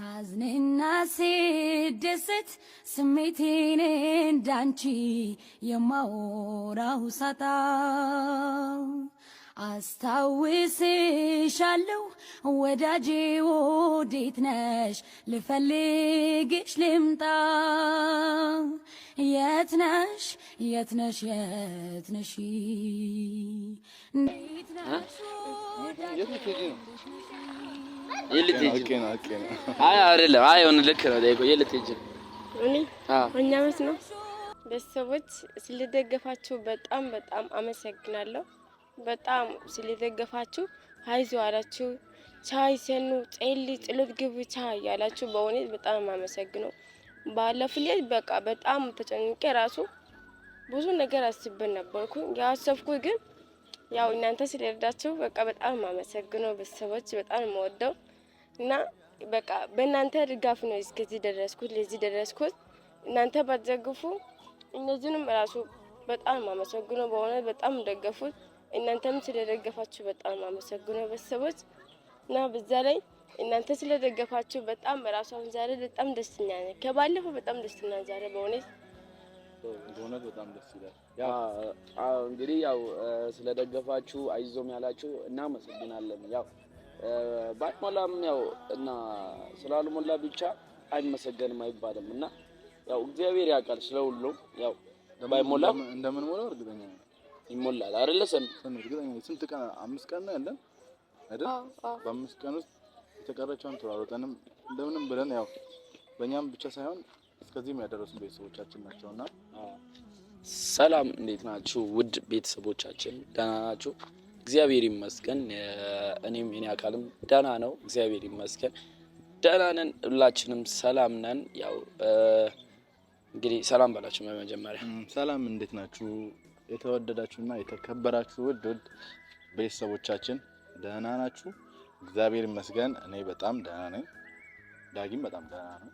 ሳዝንና ስደሰት ስሜቴን እንዳንቺ የማወራው ሳጣ አስታውስሻለሁ ወዳጄ ወዴት ነሽ? ልፈልግሽ ልምጣ። የት ነሽ የት ነሽ የት ነሽ? እንዴት ነሽ? ነው። ቤተሰቦች ስለደገፋችሁ በጣም በጣም አመሰግናለሁ። በጣም ስለደገፋችሁ አላችሁ ቻይ ሰኑ ጸሊ ጸሎት ግቡ ቻይ ያላችሁ በእውነት በጣም አመሰግነው። ባለፈው ዕለት በቃ በጣም ተጨንቄ ራሱ ብዙ ነገር አስብን ነበርኩ ያሰብኩ ግን ያው እናንተ ስለረዳችሁ በቃ በጣም የማመሰግነው ቤተሰቦች በጣም የምወደው እና በቃ በእናንተ ድጋፍ ነው እስከዚህ ደረስኩት ለዚህ ደረስኩት። እናንተ ባትዘግፉ እነዚህንም ራሱ በጣም የማመሰግነው በሆነ በጣም ደገፉት። እናንተም ስለደገፋችሁ በጣም የማመሰግነው ቤተሰቦች እና በዛ ላይ እናንተ ስለደገፋችሁ በጣም ራሱ አሁን ዛሬ በጣም ደስተኛ ነኝ። ከባለፈው በጣም ደስተኛ ዛሬ በእውነት በእውነት በጣም ደስ ይላል። እንግዲህ ያው ስለደገፋችሁ አይዞም ያላችሁ እናመሰግናለን። ያው ባይሞላም ያው እና ስላልሞላ ብቻ አይመሰገንም አይባልም እና ያው እግዚአብሔር ያውቃል ስለሁሉም ያው ባይሞላ እንደምን ሞላ እርግጠኛ ይሞላል አይደለ? ሰን እርግጠኛ ስንት ቀን አምስት ቀን ነው ያለን አይደል? በአምስት ቀን ውስጥ የተቀረችውን ተሯሩጠንም እንደምንም ብለን ያው በእኛም ብቻ ሳይሆን እስከዚህም ያደረሱ ቤተሰቦቻችን ናቸውና ሰላም እንዴት ናችሁ? ውድ ቤተሰቦቻችን ደህና ናችሁ? እግዚአብሔር ይመስገን። እኔም የኔ አካልም ደህና ነው፣ እግዚአብሔር ይመስገን። ደህና ነን፣ ሁላችንም ሰላም ነን። ያው እንግዲህ ሰላም በላችሁ። በመጀመሪያ ሰላም እንዴት ናችሁ? የተወደዳችሁና የተከበራችሁ ውድ ውድ ቤተሰቦቻችን ደህና ናችሁ? እግዚአብሔር ይመስገን። እኔ በጣም ደህና ነኝ፣ ዳጊም በጣም ደህና ነው።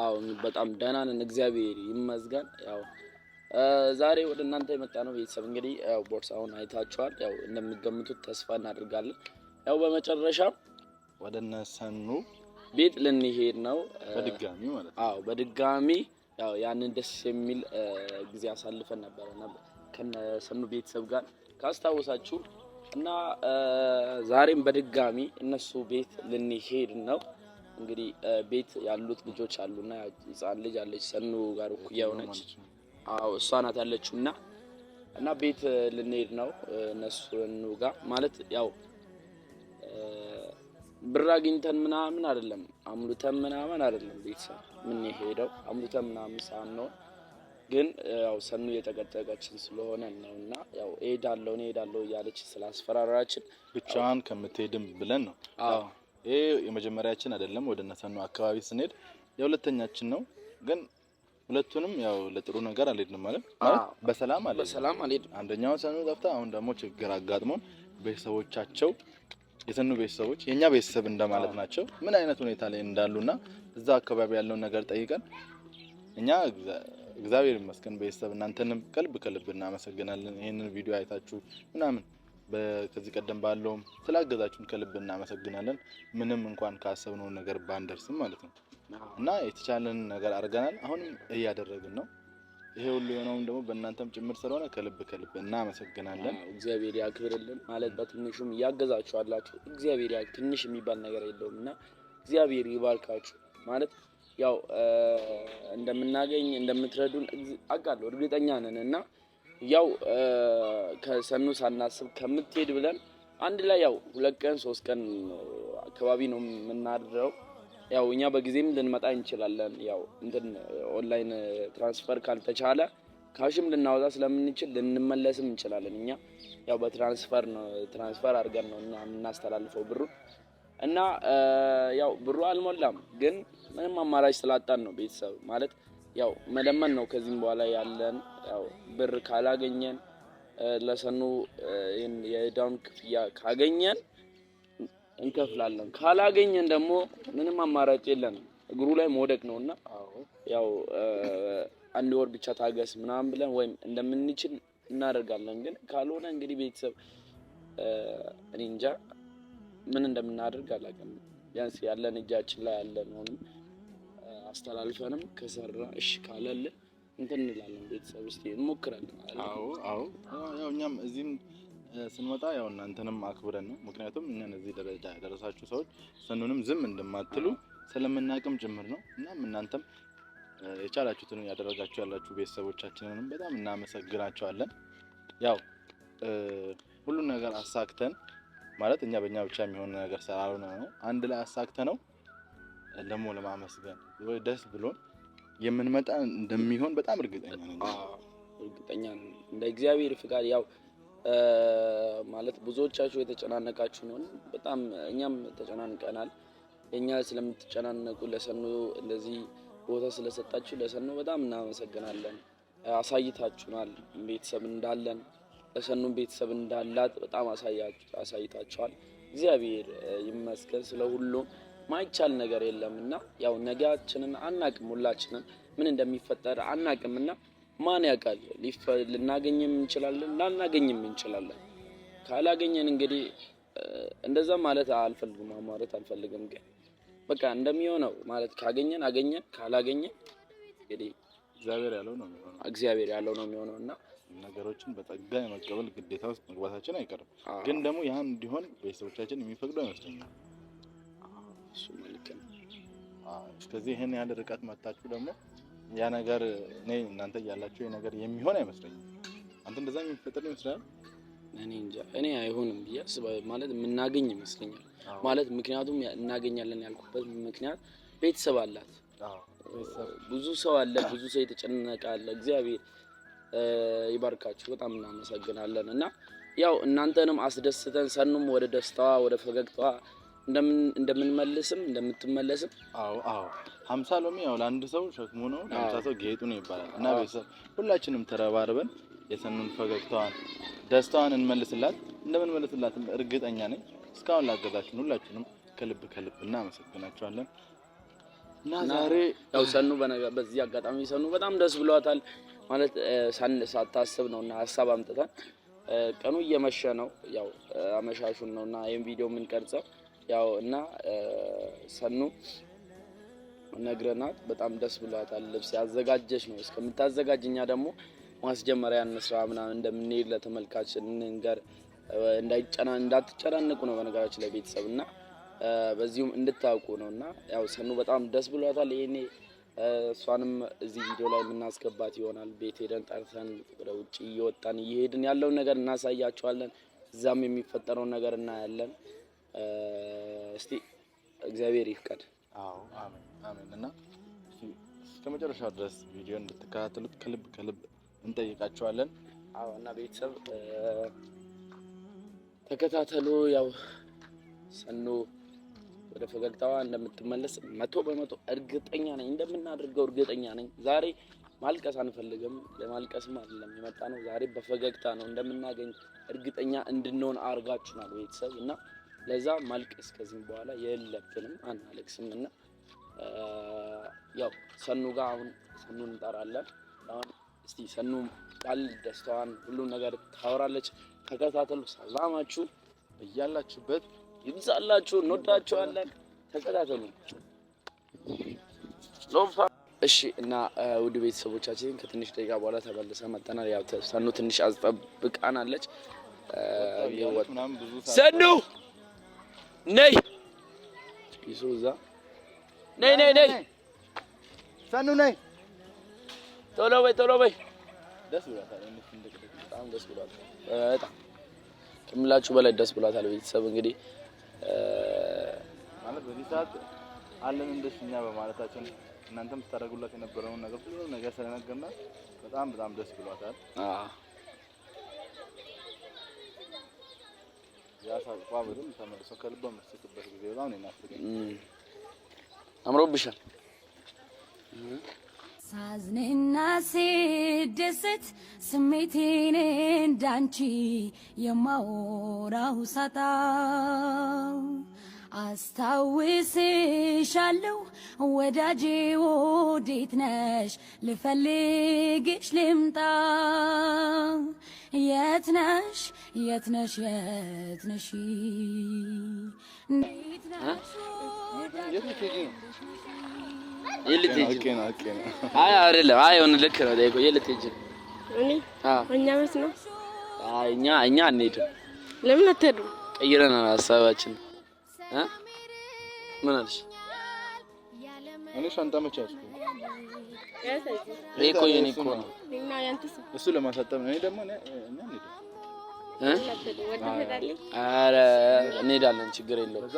አዎ በጣም ደህና ነን፣ እግዚአብሔር ይመስገን። ያው ዛሬ ወደ እናንተ የመጣ ነው ቤተሰብ እንግዲህ ያው ቦርሳውን አይታችኋል። ያው እንደሚገምቱት ተስፋ እናደርጋለን። ያው በመጨረሻ ወደ እነ ቤት ልንሄድ ነው በድጋሚ ማለት ነው። አዎ በድጋሚ ያው ያንን ደስ የሚል ጊዜ አሳልፈን ነበረና ከነሰኑ ቤተሰብ ጋር ካስታወሳችሁ እና ዛሬም በድጋሚ እነሱ ቤት ልንሄድ ነው። እንግዲህ ቤት ያሉት ልጆች አሉና ህፃን ልጅ አለች ሰኑ ጋር እኩያ ሆነች አዎ እሷ ናት ያለችው እና እና ቤት ልንሄድ ነው እነሱኑ ጋር ማለት ያው ብር አግኝተን ምናምን አይደለም አምሉተን ምናምን አይደለም ቤተሰብ የምንሄደው አምሉተን ምናምን ሳንሆን ግን ያው ሰኑ እየጠቀጠቀችን ስለሆነ ነው እና ያው እሄዳለሁ እኔ እሄዳለሁ እያለች ስላስፈራራችን ብቻዋን ከምትሄድም ብለን ነው። ይሄ የመጀመሪያችን አይደለም። ወደ እነ ሰኑ አካባቢ ስንሄድ የሁለተኛችን ነው ግን ሁለቱንም ያው ለጥሩ ነገር አልሄድንም ማለት ማለት በሰላም አለ በሰላም አልሄድንም። አንደኛውን ሰኑ ጠፍታ፣ አሁን ደግሞ ችግር አጋጥሞን ቤተሰቦቻቸው የሰኑ ቤተሰቦች የእኛ ቤተሰብ እንደማለት ናቸው። ምን አይነት ሁኔታ ላይ እንዳሉና እዛ አካባቢ ያለውን ነገር ጠይቀን እኛ እግዚአብሔር ይመስገን ቤተሰብ እናንተንም ከልብ ከልብ እናመሰግናለን። ይህንን ቪዲዮ አይታችሁ ምናምን ከዚህ ቀደም ባለውም ስላገዛችሁን ከልብ እናመሰግናለን። ምንም እንኳን ካሰብነው ነገር ባንደርስም ማለት ነው። እና የተቻለን ነገር አድርገናል። አሁንም እያደረግን ነው። ይሄ ሁሉ የሆነውም ደግሞ በእናንተም ጭምር ስለሆነ ከልብ ከልብ እናመሰግናለን። እግዚአብሔር ያክብርልን። ማለት በትንሹም እያገዛችኋላችሁ እግዚአብሔር ያ ትንሽ የሚባል ነገር የለውም እና እግዚአብሔር ይባርካችሁ። ማለት ያው እንደምናገኝ እንደምትረዱን አውቃለሁ፣ እርግጠኛ ነን እና ያው ከሰኑ ሳናስብ ከምትሄድ ብለን አንድ ላይ ያው ሁለት ቀን ሶስት ቀን አካባቢ ነው የምናድረው ያው እኛ በጊዜም ልንመጣ እንችላለን። ያው እንትን ኦንላይን ትራንስፈር ካልተቻለ ካሽም ልናወጣ ስለምንችል ልንመለስም እንችላለን። እኛ ያው በትራንስፈር ነው ትራንስፈር አድርገን ነው እና የምናስተላልፈው ብሩ እና ያው ብሩ አልሞላም፣ ግን ምንም አማራጭ ስላጣን ነው ቤተሰብ ማለት ያው መለመን ነው። ከዚህም በኋላ ያለን ያው ብር ካላገኘን ለሰኑ የዳውን ክፍያ ካገኘን እንከፍላለን። ካላገኘን ደግሞ ምንም አማራጭ የለን፣ እግሩ ላይ መውደቅ ነውና ያው አንድ ወር ብቻ ታገስ ምናምን ብለን ወይም እንደምንችል እናደርጋለን። ግን ካልሆነ እንግዲህ ቤተሰብ እኔ እንጃ ምን እንደምናደርግ አላውቅም። ቢያንስ ያለን እጃችን ላይ ያለን ሆንም አስተላልፈንም ከሰራ እሺ ካለልን እንትን እንላለን። ቤተሰብ ውስጥ እንሞክራለን። አዎ አዎ፣ ያው እኛም እዚህም ስንመጣ ያው እናንተንም አክብረን ነው። ምክንያቱም እኛን እዚህ ደረጃ ያደረሳችሁ ሰዎች ስኑንም ዝም እንደማትሉ ስለምናቅም ጭምር ነው። እናም እናንተም የቻላችሁትን ያደረጋችሁ ያላችሁ ቤተሰቦቻችንንም በጣም እናመሰግናቸዋለን። ያው ሁሉን ነገር አሳክተን ማለት እኛ በእኛ ብቻ የሚሆን ነገር ስላልሆነ ነው አንድ ላይ አሳክተ ነው ደግሞ ለማመስገን ወይ ደስ ብሎን የምንመጣ እንደሚሆን በጣም እርግጠኛ ነው። እርግጠኛ እንደ እግዚአብሔር ፍቃድ ያው ማለት ብዙዎቻችሁ የተጨናነቃችሁ ነው። በጣም እኛም ተጨናንቀናል። እኛ ስለምትጨናነቁ ለሰኑ እንደዚህ ቦታ ስለሰጣችሁ ለሰኑ በጣም እናመሰግናለን። አሳይታችሁናል፣ ቤተሰብ እንዳለን ለሰኑ ቤተሰብ እንዳላት በጣም አሳይታችኋል። እግዚአብሔር ይመስገን ስለ ሁሉም። ማይቻል ነገር የለም እና ያው ነጋችንን አናቅም፣ ሁላችንም ምን እንደሚፈጠር አናቅም እና ማን ያውቃል? ልናገኝም እንችላለን፣ ላናገኝም እንችላለን። ካላገኘን እንግዲህ እንደዛ ማለት አልፈልግም፣ ማማረት አልፈልግም። ግን በቃ እንደሚሆነው ማለት ካገኘን አገኘን፣ ካላገኘን እንግዲህ እግዚአብሔር ያለው ነው የሚሆነው። እግዚአብሔር ያለው ነው የሚሆነው እና ነገሮችን በጸጋ የመቀበል ግዴታ ውስጥ መግባታችን አይቀርም። ግን ደግሞ ያ እንዲሆን ቤተሰቦቻችን የሚፈቅዱ አይመስለኛል። እሱ መልክ ነው። እስከዚህ ይህን ያህል ርቀት መታችሁ ደግሞ ያ ነገር እኔ እናንተ እያላችሁ ይሄ ነገር የሚሆን አይመስለኝም። አንተ እንደዛ የሚፈጠር ይመስላል። እኔ እንጃ እኔ አይሆንም ብዬ ማለት የምናገኝ ይመስለኛል። ማለት ምክንያቱም እናገኛለን ያልኩበት ምክንያት ቤተሰብ አላት፣ ብዙ ሰው አለ፣ ብዙ ሰው የተጨነቀ አለ። እግዚአብሔር ይባርካችሁ፣ በጣም እናመሰግናለን። እና ያው እናንተንም አስደስተን ሰኑም ወደ ደስታዋ ወደ ፈገግታዋ እንደምንመልስም እንደምትመለስም አዎ አዎ ሀምሳ ሎሚ ያው ለአንድ ሰው ሸክሙ ነው፣ ለሀምሳ ሰው ጌጡ ነው ይባላል። እና ቤተሰብ ሁላችንም ተረባርበን የሰኑን ፈገግታዋን ደስታዋን እንመልስላት። እንደምንመልስላትም እርግጠኛ ነኝ። እስካሁን ላገዛችን ሁላችንም ከልብ ከልብ እናመሰግናቸዋለን። እና ዛሬ ያው ሰኑ በዚህ አጋጣሚ ሰኑ በጣም ደስ ብሏታል። ማለት ሳታስብ ነው እና ሀሳብ አምጥተን ቀኑ እየመሸ ነው፣ ያው አመሻሹን ነው እና ይህም ቪዲዮ የምንቀርጸው ያው እና ሰኑ ነግረናት በጣም ደስ ብሏታል። ልብስ ያዘጋጀች ነው እስከምታዘጋጅ እኛ ደግሞ ማስጀመሪያ እንስራ ምናምን እንደምንሄድ ለተመልካች እንንገር እንዳትጨናንቁ ነው በነገራችን ላይ ቤተሰብ እና በዚሁም እንድታውቁ ነው እና ያው ሰኑ በጣም ደስ ብሏታል። ይሄኔ እሷንም እዚህ ቪዲዮ ላይ የምናስገባት ይሆናል። ቤት ሄደን ጠርተን ወደ ውጭ እየወጣን እየሄድን ያለውን ነገር እናሳያቸዋለን። እዛም የሚፈጠረውን ነገር እናያለን። እስቲ እግዚአብሔር ይፍቀድ። አዎ አሜን። አሜን። እና እስከ መጨረሻው ድረስ ቪዲዮ እንድትከታተሉት ከልብ ከልብ እንጠይቃቸዋለን። አዎ። እና ቤተሰብ ተከታተሉ። ያው ሰኑ ወደ ፈገግታዋ እንደምትመለስ መቶ በመቶ እርግጠኛ ነኝ፣ እንደምናደርገው እርግጠኛ ነኝ። ዛሬ ማልቀስ አንፈልግም። ለማልቀስም አይደለም የመጣ ነው። ዛሬ በፈገግታ ነው እንደምናገኝ እርግጠኛ እንድንሆን አድርጋችሁናል ቤተሰብ እና ለዛ ማልቀስ ከዚህም በኋላ የለብንም፣ አናለቅስም እና ያው ሰኑ ጋር አሁን ሰኑን እንጠራለን። አሁን እስቲ ሰኑ ቃል ደስታዋን ሁሉም ነገር ታወራለች። ተከታተሉ። ሰላማችሁ እያላችሁበት ይብዛላችሁ። እንወዳችኋለን። ተከታተሉ። እሺ እና ውድ ቤተሰቦቻችን ከትንሽ ደቂቃ በኋላ ተመልሰ መጠናል። ያው ሰኑ ትንሽ አስጠብቃናለች። ሰኑ ነይ ይሱ እዛ ነይ ነይ ነይ ሰኑ ነይ ቶሎ በይ ቶሎ በይ። ደስ ብሏታል፣ በጣም ደስ ብሏታል። በጣም ከምላችሁ በላይ ደስ ብሏታል። ቤተሰብ እንግዲህ ማለት በዚህ ሰዓት አለን እንደሽኛ በማለታችን እናንተም ስታደርጉላት የነበረውን ነገር ሁሉ ነገር ስለነገርና በጣም በጣም ደስ ብሏታል። አዎ ያሳቋ ብድም ተመልሶ ከልባ መስክበት ጊዜ በጣም ነው አምሮብሻል። ሳዝንና ስደሰት ስሜቴን እንዳንቺ የማወራሁ ሳጣው አስታውስሻለሁ ወዳጄ ወዴት ነሽ? ልፈልግሽ ልምጣ የት ነሽ የት ነሽ የት ነሽ? ነው። እኛ እኛ አንሄድም። ለምን አትሄዱም? ቀይረናል ሀሳባችን ምን አለሽ? እኔ ሻንጣ መቼ እኮ እኮ ነው። እሱ ለማሳጠብ ነው። እኔ ደግሞ ኧረ እንሄዳለን፣ ችግር የለውም።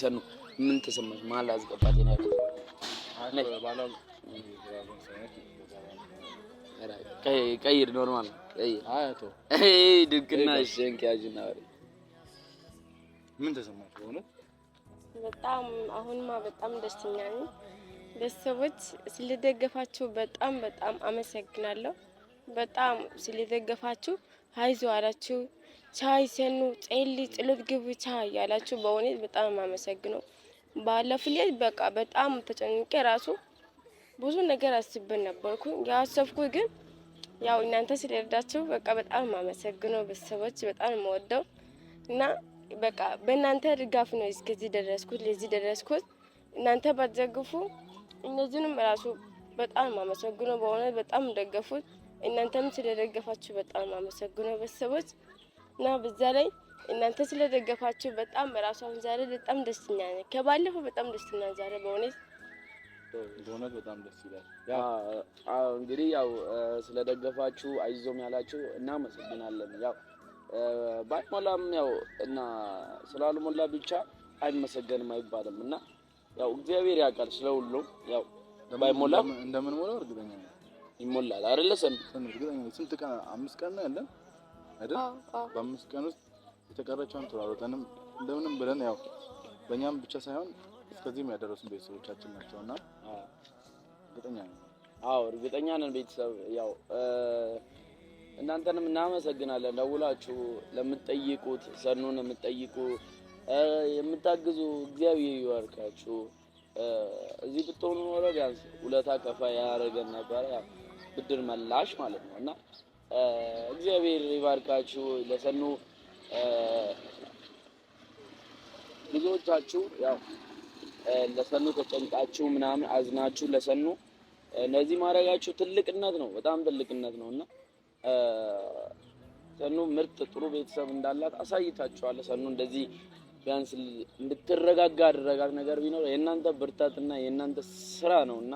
ሰኑ ምን ተሰማሽ? መሀል አስገባት ቀይር፣ ኖርማል ቀይር። ድንቅና ሸንኪያጅና ምን ተሰማሽ? ሆኖ በጣም አሁንማ በጣም ደስተኛ ነኝ። ቤተሰቦች ስለደገፋችሁ በጣም በጣም አመሰግናለሁ። በጣም ስለደገፋችሁ ሀይዞ አላችሁ፣ ቻይ ሰኑ ጸሊ ጸሎት ግቡ ቻይ ያላችሁ በእውነት በጣም የማመሰግነው። ባለፈው ዕለት በቃ በጣም ተጨንቄ ራሱ ብዙ ነገር አስብን ነበርኩ ያሰብኩ ግን ያው እናንተ ስለረዳችሁ በቃ በጣም የማመሰግነው ቤተሰቦች በጣም የምወደው እና በቃ በእናንተ ድጋፍ ነው እስከዚህ ደረስኩት፣ ለዚህ ደረስኩት። እናንተ ባትዘግፉ እነዚህንም ራሱ በጣም አመሰግኖ በሆነ በጣም ደገፉት። እናንተም ስለደገፋችሁ በጣም አመሰግኖ ቤተሰቦች እና በዛ ላይ እናንተ ስለደገፋችሁ በጣም ራሱ አሁን ዛሬ በጣም ደስተኛ ነኝ። ከባለፈው በጣም ደስተኛ ዛሬ በእውነት በእውነት በጣም ደስ ይላል። እንግዲህ ያው ስለደገፋችሁ አይዞም ያላችሁ እናመሰግናለን ያው ባይሞላም ያው እና ስላልሞላ ብቻ አይመሰገንም አይባልም እና ያው እግዚአብሔር ያውቃል ስለሁሉም። ያው እንደምን ሞላ እርግጠኛ ነኝ ይሞላል አይደለ? ሰን እርግጠኛ ነኝ። ስንት ቀን አምስት ቀን ነው ያለን አይደል? በአምስት ቀን ውስጥ የተቀረችውን ተሯሩጠንም እንደምንም ብለን ያው በእኛም ብቻ ሳይሆን እስከዚህም ያደረሱን ቤተሰቦቻችን ናቸውና እርግጠኛ ነኝ። አዎ እርግጠኛ ነን ቤተሰብ ያው እናንተንም እናመሰግናለን። ደውላችሁ ለምትጠይቁት ሰኑን የምትጠይቁ የምታግዙ እግዚአብሔር ይባርካችሁ። እዚህ ብትሆኑ ኖሮ ቢያንስ ሁለታ ከፋ ያደረገን ነበረ፣ ብድር መላሽ ማለት ነው እና እግዚአብሔር ይባርካችሁ። ለሰኑ ብዙዎቻችሁ ያው ለሰኑ ተጨንቃችሁ ምናምን አዝናችሁ ለሰኑ እነዚህ ማድረጋችሁ ትልቅነት ነው፣ በጣም ትልቅነት ነው እና ሰኑ ምርጥ ጥሩ ቤተሰብ እንዳላት አሳይታችኋል። ሰኑ እንደዚህ ቢያንስ እንድትረጋጋ አደረጋት ነገር ቢኖር የእናንተ ብርታትና የእናንተ ስራ ነው እና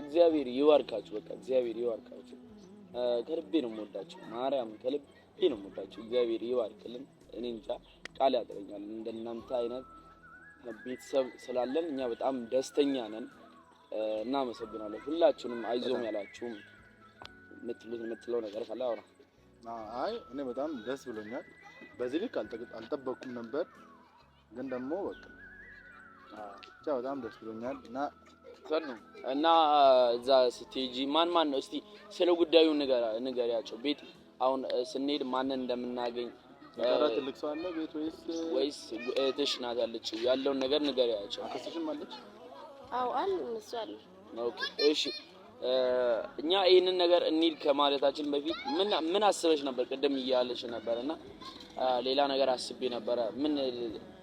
እግዚአብሔር ይባርካችሁ። በቃ እግዚአብሔር ይባርካችሁ። ከልቤ ነው የምወዳችሁ። ማርያም ከልቤ ነው የምወዳችሁ። እግዚአብሔር ይዋርክልን። እኔ እንጃ ቃል ያጥረኛል። እናንተ አይነት ቤተሰብ ስላለን እኛ በጣም ደስተኛ ነን። እናመሰግናለን ሁላችሁንም አይዞም ያላችሁም የምትሉት የምትለው ነገር ካለ አውራ። አይ እኔ በጣም ደስ ብሎኛል። በዚህ ልክ አልጠበቅኩም ነበር፣ ግን ደግሞ በቃ ብቻ በጣም ደስ ብሎኛል እና ሰኑ እና እዛ ስትሄጂ ማን ማን ነው እስቲ ስለ ጉዳዩ ንገር ንገሪያቸው። ቤት አሁን ስንሄድ ማንን እንደምናገኝ የቀረ ትልቅ ሰው አለ ቤት ወይስ ወይስ እህትሽ ናት ያለች ያለውን ነገር ንገር ንገሪያቸው። አክስትሽም አለች? አዎ አለ፣ እሱ አለ። ኦኬ እሺ እኛ ይህንን ነገር እንሂድ ከማለታችን በፊት ምን አስበሽ ነበር? ቅድም እያለሽ ነበር እና ሌላ ነገር አስቤ ነበረ። ምን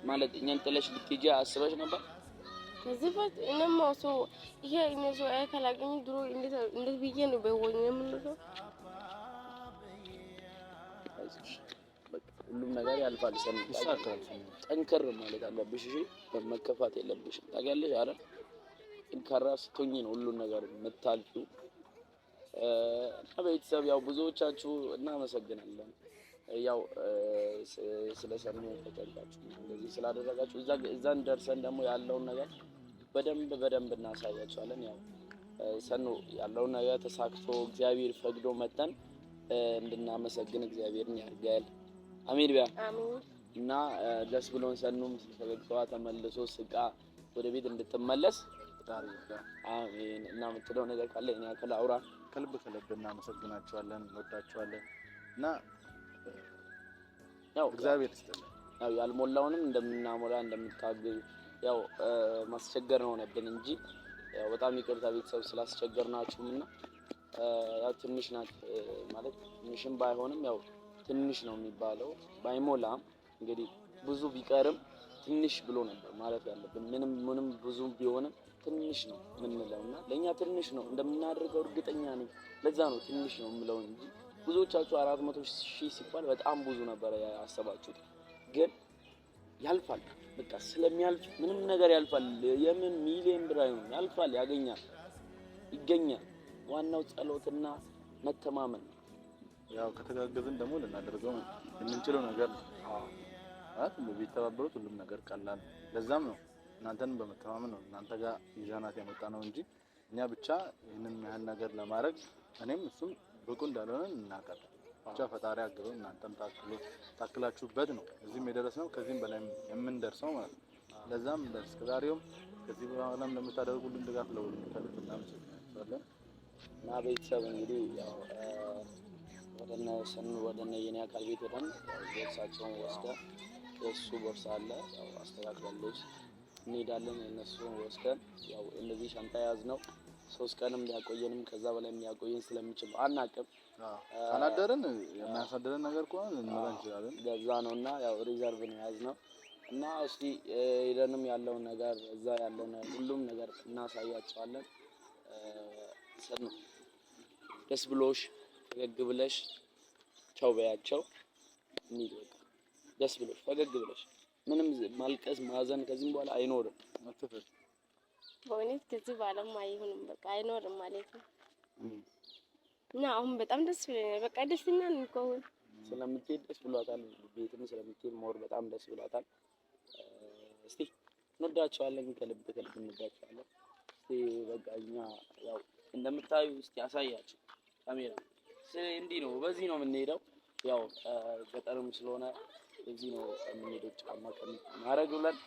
ማለት እኛን ጥለሽ ልትሄጂ አስበሽ ነበር? ከዚህ በት እኔማ ሰው ይሄ እኔ ሰው አይ ካላገኝ ድሮ እንዴት ብዬ ነው በወኝ የምንለው። ሁሉም ነገር ያልፋል። ሰምተሻል። ጠንከር ማለት አለብሽ። እሺ መከፋት የለብሽም። ታውቂያለሽ አይደል ጠንካራ ስትሆኚ ነው ሁሉን ነገር የምታልፊው። እና ቤተሰብ ያው ብዙዎቻችሁ እናመሰግናለን። ያው ስለሰሙ ተጨንቃችሁ እንደዚህ ስላደረጋችሁ እዛን ደርሰን ደግሞ ያለውን ነገር በደንብ በደንብ እናሳያቸዋለን። ያው ሰኑ ያለውን ነገር ተሳክቶ እግዚአብሔር ፈቅዶ መጠን እንድናመሰግን እግዚአብሔርን ያድርጋል። አሚን ቢያ እና ደስ ብሎን ሰኑም ፈገግታዋ ተመልሶ ስቃ ወደ ቤት እንድትመለስ ትዳር አሜን። እና የምትለው ነገር ካለ እኛ ከላውራ ከልብ ከልብ እናመሰግናቸዋለን፣ እንወዳቸዋለን እና ያው እግዚአብሔር ይስጥልን። ያው ያልሞላውንም እንደምናሞላ እንደምታግዝ ያው ማስቸገር ነው ሆነብን እንጂ ያው በጣም ይቅርታ ቤተሰብ ስላስቸገር ስላስቸገርናችሁም እና ያው ትንሽ ናት ማለት ትንሽም ባይሆንም ያው ትንሽ ነው የሚባለው ባይሞላም እንግዲህ ብዙ ቢቀርም ትንሽ ብሎ ነበር ማለት ያለብን። ምንም ምንም ብዙ ቢሆንም ትንሽ ነው የምንለው እና ለእኛ ትንሽ ነው እንደምናደርገው እርግጠኛ ነኝ። ለዛ ነው ትንሽ ነው የምለው እንጂ ብዙዎቻችሁ አራት መቶ ሺህ ሲባል በጣም ብዙ ነበረ ያሰባችሁት። ግን ያልፋል፣ በቃ ስለሚያልፍ ምንም ነገር ያልፋል። የምን ሚሊዮን ብር አይሆን ያልፋል፣ ያገኛል፣ ይገኛል። ዋናው ጸሎትና መተማመን ያው ከተጋገዝን ደግሞ ልናደርገው የምንችለው ነገር ነው። ቢተባበሩት ሁሉም ነገር ቀላል። ለዛም ነው እናንተን በመተማመን ነው እናንተ ጋር ይዘናት የመጣ ነው እንጂ እኛ ብቻ ይህንን ያህል ነገር ለማድረግ እኔም እሱም ብቁ እንዳልሆነ እናውቃለን። ብቻ ፈጣሪ አግበው እናንተም ታክላችሁበት ነው እዚህም የደረስነው ከዚህም በላይ የምንደርሰው ማለት ነው። ለዛም እስከዛሬውም ከዚህ በኋላም ለምታደርጉልን ድጋፍ ለሁሉ ለሁሉም እናመሰግናለን። እና ቤተሰብ እንግዲህ ወደነ ስን ወደነ የኔ አካል ቤት ወደን ቦርሳቸውን ወስደ የእሱ ቦርሳ አለ ያው አስተካክላለች እንሄዳለን። እነሱን ወስደን ያው እነዚህ ሻንጣ የያዝ ነው ሶስት ቀንም ሊያቆየንም ከዛ በላይ የሚያቆየን ስለሚችል አናቅም። ካላደረን የሚያሳደረን ነገር ከሆነ ልንመራ እንችላለን። ገዛ ነው እና ያው ሪዘርቭ ነው የያዝ ነው እና እስቲ ሄደንም ያለውን ነገር እዛ ያለውን ሁሉም ነገር እናሳያቸዋለን። ነው ደስ ብሎሽ ፈገግ ብለሽ ቻው በያቸው። ደስ ብሎሽ ፈገግ ብለሽ ምንም ማልቀስ ማዘን ከዚህም በኋላ አይኖርም። አትፈር በእውነት ከዚህ በኋላም አይሆንም፣ በቃ አይኖርም ማለት ነው። እና አሁን በጣም ደስ ብሎኛል። በቃ ደስተኛ ነኝ እኮ አሁን ስለምትሄድ ደስ ብሏታል። ቤትም ስለምትሄድ ሞር በጣም ደስ ብሏታል። እስቲ እንወዳቸዋለን፣ ከልብ ከልብ እንወዳቸዋለን። እስቲ በቃ እኛ ያው እንደምታዩ እስቲ አሳያችሁ ካሜራ እንዲህ ነው፣ በዚህ ነው የምንሄደው። ያው ገጠርም ስለሆነ እዚህ ነው የምንሄደው። ጫማ ቀሚ ማድረግ ብለን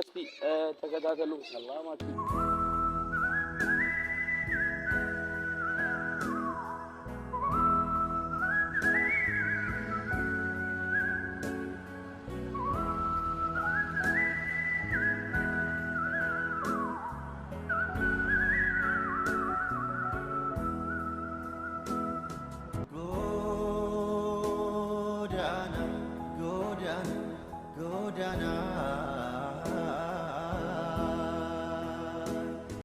እስቲ ተከታተሉ። ሰላማችሁ